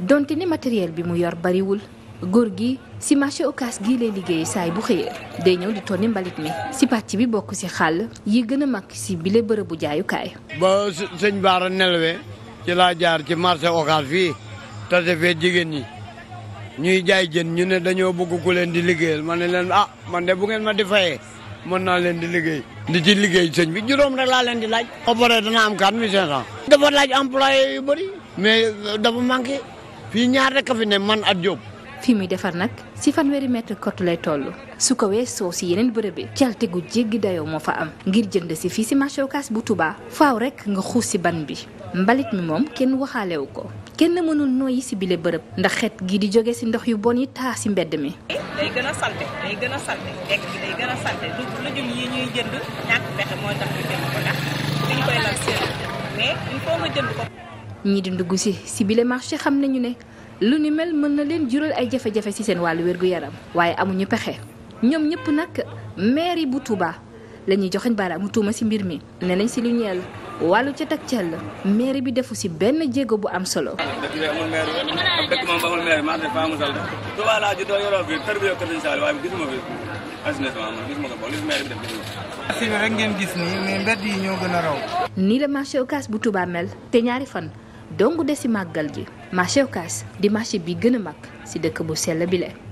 donte ni matériel bi mu yor bariwul góor gi ci marché okas gii lay liggéey saay bu xëyee day ñëw di tonni mbalit mi ci pàcc bi bokk ci xal yi gën a mag ci bile bu jaayukaay. ba sëñ Baara nelawee ci laa jaar ci marché Ocass fii tase fee jigéen ñi ñuy jaay jën ñu ne dañoo bëgg ku leen di liggéeyal ma ne leen ah man de bu ngeen ma di fayee mën naa leen di liggéey. di ci liggéey sëñ bi juróom rek laa leen di laaj. opéré dana am 4500. dafa laaj employé fii ñaar rek a fi ne man at Diop. fi muy defar nag ci fanweeri mètre kott lay toll su ko weesoo ci yeneen bërëbe calte gu jéggi dayoo moo fa am ngir jënd ci fii ci marché Ocass bu tubaa faaw rekk nga xuus ci ban bi mbalit mi moom kenn waxaalewu ko kenn mënul nooyi ci bile bërëb ndax xet gi di jóge ci ndox yu bon yi taa ci mbedd mi. day gën yi ñuy jënd ñàkk pexe mooy tax ñu jënd ko ndax ñii di dugg si si bile marché xam nañu ne lu ni mel mën na leen juróol ay jafe-jafe si seen wàllu wér yaram waaye amuñu pexe ñoom ñëpp nag mairie bu Touba lañuy ñuy joxeñ baaraamu ci mbir mi ne nañ si lu ñeel wàllu ca tak cell mairie bi defu si benn jéego bu am solo. dëkk bi amul maire am dëkk moom amul solo Touba bi tër bi yokkati nañu saa waaye gisuma bi bi def gisuma ko. assaini ngeen gis nii mais mbedd yi ñoo gën a raw. nii la marché Ocass bu Touba mel te ñaari fan. dong de ci màggal gi marché Ocass di marché bi gën a mag ci dëkk bu sell bi la